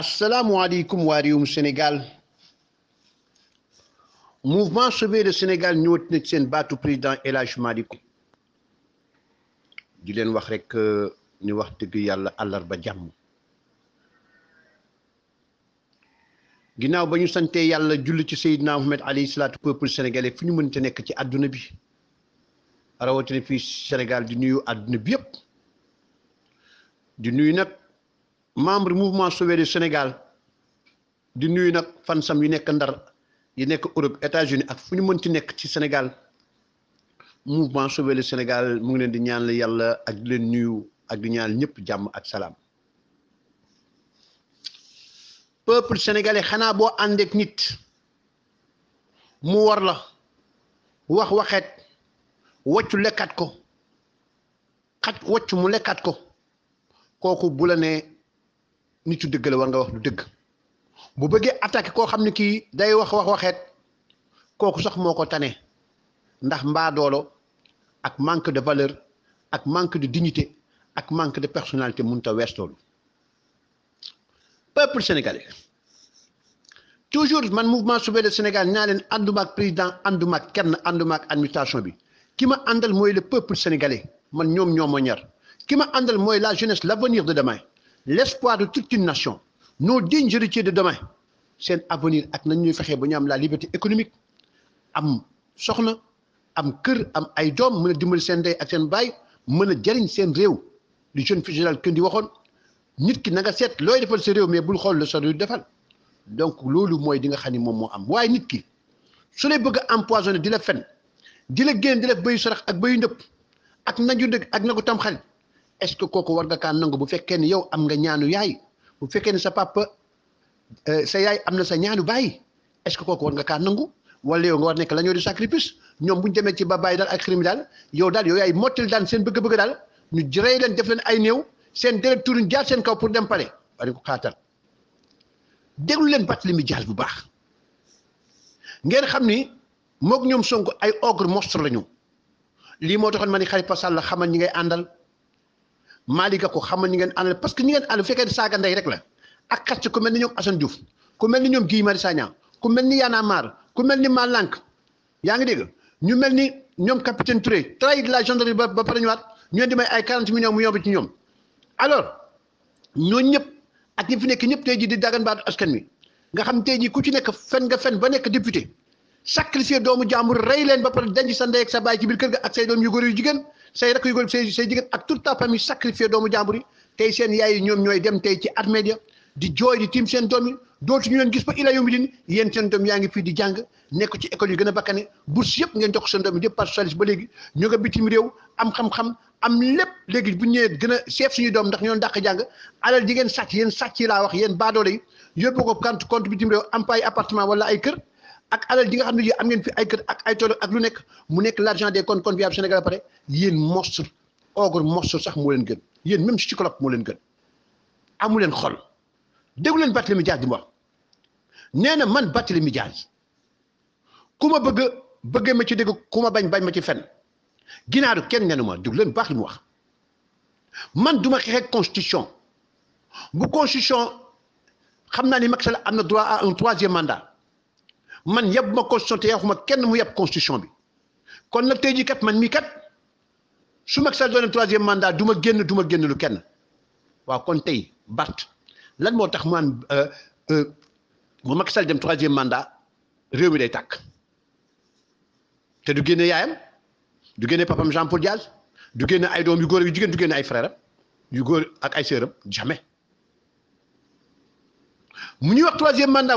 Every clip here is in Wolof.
asalaamualeykum waa réewum Sénégal mouvement Sauver le Sénégal ñëwat na seen baatu président El Hadj Malick di len wax rek ñu euh, wax dëgg Yalla àllarba ba jamm. ba bañu santé Yalla jullu ci Seydina Mohamed alayhi salaatu peuple sénégalais fi ñu mënte nek ci aduna bi rawatina fi Sénégal di nuyu aduna bi yépp. di nuyu nak membre mouvement Sauver du Sénégal di nuyu nag fansam yu nek Ndar yi nek Europe États-Unis ak fu ñu mën ci ci Sénégal mouvement Sauver le Sénégal mu ngi leen di ñaan la Yalla ak di leen nuyu ak di ñaan ñëpp jàmm ak salaam peuple sénégalais bo ande ak nit mu war la wax waxet waccu lekkat ko xaj waccu mu lekkat ko kooku bu la ne nitu war nga wax lu vous bu beugé attaquer vous avez ne day wax wax waxet ne sax pas tané ndax mba dolo ak manque de valeur ak manque de dignité ak manque de personnalité munta ta peuple sénégalais toujours man mouvement sauver le Sénégal naa leen ak président kenn administration bi Qui ma moy le peuple sénégalais man ma kima la jeunesse l'avenir de demain l'espoir de toute une nation nos dignes héritiers de demain c'est un avenir ak nañ ñuy fexee ba ñu am la liberté économique am soxna am kër am ay doom mën a dimbali seen day ak seen baay mën a jëriñ seen réew lu jeune fi général di waxoon nit ki na nga seet looy defal sa réew mais bul xool le sori yu defal donc loolu mooy di nga xam ni moom moo am waaye nit ki su lay bëgg a empoisonné di la fen di la génn di la bayu sorax ak bayu ndëpp ak naju dëgg ak na ko tam xarit est ce que kooku war nga kaa nangu bu fekkee ni yow am nga ñaanu yaay bu fekkee ni sa papa eh, sa yaay am na sa ñaanu bàyyi est ce que kooku war nga kaa nangu wala yow nga war nekk la ñoo di sacrifice ñoom buñ demee ci ba dal daal ak xirmi daal yow daal yow yaay mottil daan seen bëgg-bëgg daal ñu jërey leen def leen ay néew seen deret turuñ jaar seen kaw pour dem pare wala ko xaatal déglu leen bàttali mi jaal bu baax ngeen xam ni moog ñoom sonko ay ogre monstre lañu lii moo taxoon ma xarit pasal la xamal ñi ngay àndal Malick Gakou xamal ñi ngeen àndal parce que ñi ngeen àndal bu fekkee saaga ndey rek la ak xas ku mel ni ñoom Assane Diouf ku mel ni ñoom Guy Marius ku mel ni a marre ku ni Malank yaa ngi dégg ñu mel ni ñoom capitaine Touré trahir la gendarmerie ba ba pare ñëwaat ñu di may ay 40 millions mu yomb ci ñoom alors ñooñu ñëpp ak ñi fi nekk ñëpp tey jii di dagan baatu askan wi nga xam tey jii ku ci nekk fen nga fen ba nekk député sacrifier doomu jàmbur rey leen ba pare denc sa ndey ak sa baay ci kër ga ak jigéen say rakk yu góor say say jigéen ak toute ta famille sacrifié doomu jàmbur yi tey seen yaay ñoom ñooy dem tey ci armée ya di jooy di tiim seen doom yi dootuñu leen gis ba ila yomi din yéen seen doom yaa ngi fii di jàng nekk ci école yu gën a bakkane bourse yëpp ngeen jox seen doom yi yëpp parti socialiste ba léegi ñu nga bitim réew am xam-xam am lépp léegi bu ñëwee gën a seef suñuy doom ndax ñoon dàq jàng alal di ngeen sàcc yéen sàcc yi laa wax yéen baadoole yi yóbbu ko compte compte bitim am ay appartement wala ay kër ak alal di nga xam am ngeen fi ay kër ak ay tool ak lu nek mu nek l'argent des comptes conviables Sénégal pare yeen monstre ogre monstre sax mo leen gën yeen même psychologue mo leen gën amu leen xol déglu leen Barthélémy Dias di mu wax nee man Barthélémy mi ku kuma bëgg bëggee ma ci deggu kuma bañ bañ ma ci fenn ginaaru kenn nenu ma déglu leen baax li mu wax man duma xeex ak constitution bu constitution xam naa ni Macky Sall am na droit à un troisième mandat man yeb ma constitution te yaxuma kenn mu yeb constitution bi kon nag tey kat man mii kat su Macky Sall troisième mandat du ma génn du ma génn lu kenn waaw kon tey bat lan moo tax man euh, euh, dem troisième mandat réew mi day te du génne du papam Jean Paul du génne ay doom yu góor du ay frères yu góor ak ay sœuram jamais mu ñuy wax troisième mandat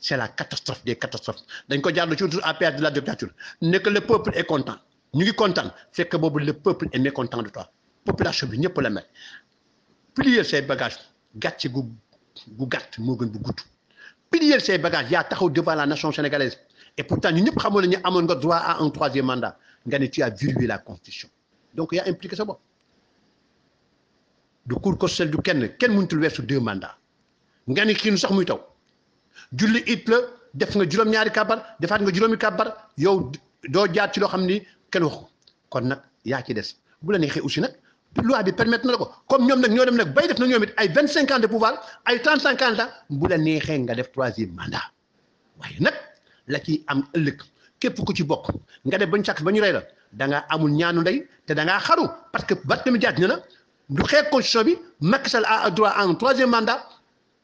c'est la catastrophe des catastrophes Donc on jaarale toujours à perdre la dictature ne que le peuple est content Nous ngi content c'est que le peuple est mécontent de toi population bi pour la main. plier ses bagages gàcce gu gu gàtt Plier ses bagages. Il y ces bagages devant la nation sénégalaise et pourtant nous, ne xamoon ni droit à un troisième mandat tu as violé la constitution donc il y a impliqué ça implication du que celle du Ken, le mënutul sur deux mandats nga ne kii sax muy julli it la def nga juróom-ñaari kàbbar defaat nga juróomi kàbbar yow doo jaar ci loo xam ni kenn waxu kon nag yaa ci des bu la neexee aussi nag loi bi permettre na la ko comme ñoom nag ñoo dem nag bay def na ñoom it ay 25 cinq ans de pouvoir ay trente cinq ans bu la neexee nga def troisième mandat waaye nag la ciy am ëllëg képp ku ci bokk nga def bañ càkk ba ñu rey la da nga amul ñaanu ndey te da ngaa xaru parce que Barthélémy Dias ne na du xeex constitution bi Macky Sall a droit en un troisième mandat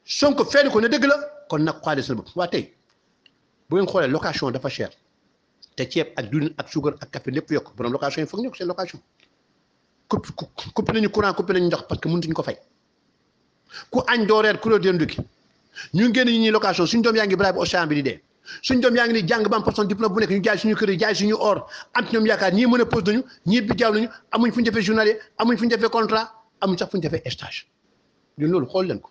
Sonko feelu ko ne dëgg la kon nak xoolee seen bopp waa tey bu ngeen xoolee location dafa cher te ceeb ak dund ak sugar ak café lepp yok borom location yi foog ñu yokk location coupé coupé nañu courant coupé nañu ndox parce que mënut ñu ko fay ku añ doo reer ku lo denduki ñu ngeen ñu ñuy location suñu doom yaangi ngi brave océan bi di dee suñu doom yaangi ni jang ba am personne diplôme bu nek ñu jaay suñu kër jaay suñu or am ñom yaakaar ñi mën pose nañu ñi bi jaaw nañu amuñ fu ñu journalier amuñ fu ñu contrat amuñ sax fu ñu stage ñun loolu xol leen ko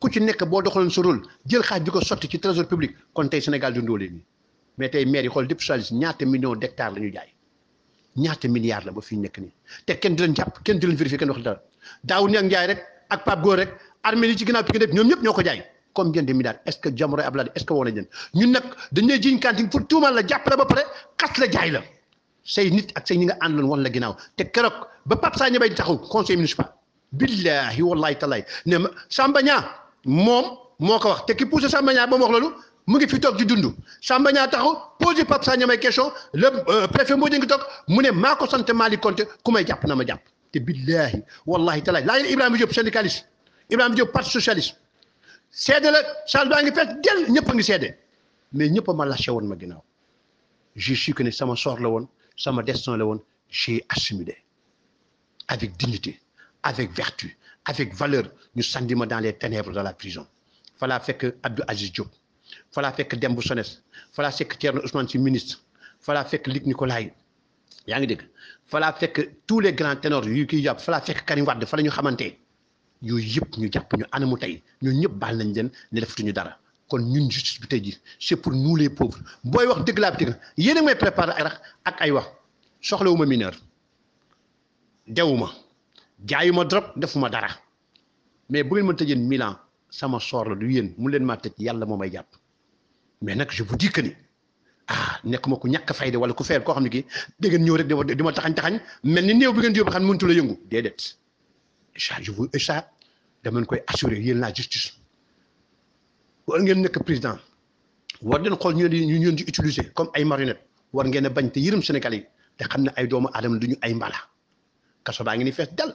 ku ci nekk boo dox sa rôle jël xaaj bi ko sotti ci trésor public kon tey Sénégal dundoolee nii mais tey maire yi xool dépp socialiste ñaata millions d'hectares la ñu jaay ñaata milliards la ba fi nekk nii te kenn di leen jàpp kenn di leen vérifier kenn wax dara daaw ni ak njaay rek ak Pape Góor rek armée yi ci ginnaaw Pikine ñoom ñëpp ñoo ko jaay combien de milliards est-ce que Jamra Abdoulaye est-ce que woo nañ leen ñun nag dañ lay ba pare xas la jaay la ak ñi nga àndaloon wan ginnaaw te keroog ba Pape Sagna Mbaye di taxaw conseil Mom, qui wax te ki pousser sa Niang ba wax lolu mu ngi fi tok di dund Samba Niang taxaw posé Pape question le euh, préfet ngi tok mu ne je suis na ma japp te billahi wallahi talaay laajal ibrahim Diop syndicaliste ibrahim Diop parti socialiste seede la ngi del ñepp ngi mais ñepp ma lâché won ma je suis que sama sort la won sama destin la j'ai assumé. avec dignité avec vertu avec valeur ñu sandi ma dans les ténèbres de la prison falaa que Abdou Aziz Diop que fekk Demba Sones falaa que Thierno Ousmane Sy ministre falaa fekk que Nicolaï yaa ngi dégg falaa fekk tous les grands ténors yu kii jàpp falaa fekk Karim Wade fa nous ñu xamante yooyu yëpp ñu jàpp ñu anamu tey ñoo ñëpp baal nañ leen ne defatuñu dara kon ñun justice bi tay ji c'est pour nous les pauvres Boy wax dëgg laa bi dëgg yéen may préparer ak ay wax soxlawuma mineur dewuma jaayuma drop defuma dara mais bu ngeen ma tëjee Milan sama soor la du yéen mu leen maa tëj yàlla moo may mais nak je vous dis que ni ah nekkuma ku ñàkk fayde wala ku feer ko xamni ki kii da ngeen ñëw rek di ma di ma taxañ taxañ mel ni bi ngeen yóbbu xam ne mëntu la yëngu déedéet ça je vous da man koy assurer yéen la justice war ngeen nek president war ngeen xol ñu leen ñu di utiliser comme ay marionnette war ngeen a bañ te yërëm Sénégal te xam ay doomu adam duñu ay mbala kasso baa ngi ni fess dal.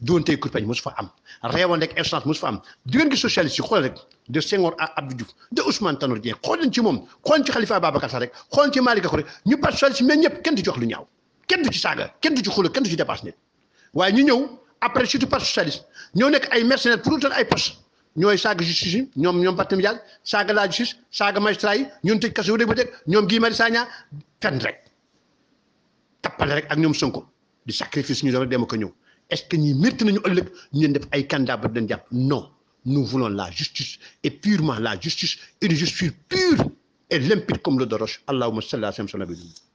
doonte kurpeñ mosu fa am réewal rek instance mosu fa am diggante gi socialiste yi xool rek de Senghor à Abdou de Ousmane Tanor Dieng xool ci moom xool ci Khalifa Ababacar Sall rek xool ci Malick Gakou rek ñu parti socialiste mais ñëpp kenn ci wax lu ñaaw kenn du ci saaga kenn du ci xuloo kenn du ci dépasse nit waaye ñu ñëw après surtout parti socialiste nekk ay mercenaires pour utal ay poste ñoom ñoom Barthélémy Dias saaga la justice saaga magistrat yi ñun tëj kaso yu dégg ba dégg ñoom Guy Marius Sagna fenn rek tappale rek ñu doon rek ko ñëw est-ce que ñi métti nañu ëllëg ñu def ay candidat ba dañ jàpp non nous voulons la justice et purement la justice une justice pure et limpide comme l'eau de roche allahumma salli ala sayyidina